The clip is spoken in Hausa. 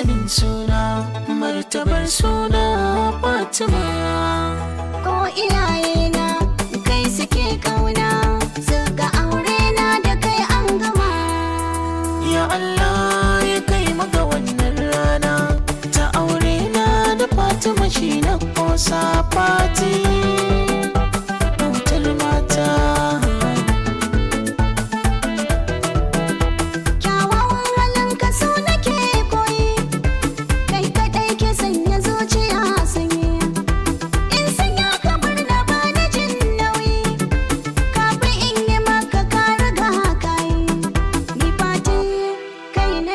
sanin suna martabar suna fatima ko iyaye na kai suke kauna suka aure na da kai an gama ya allah ya kai maga wannan rana ta aure na da fatima shi na kosa fatima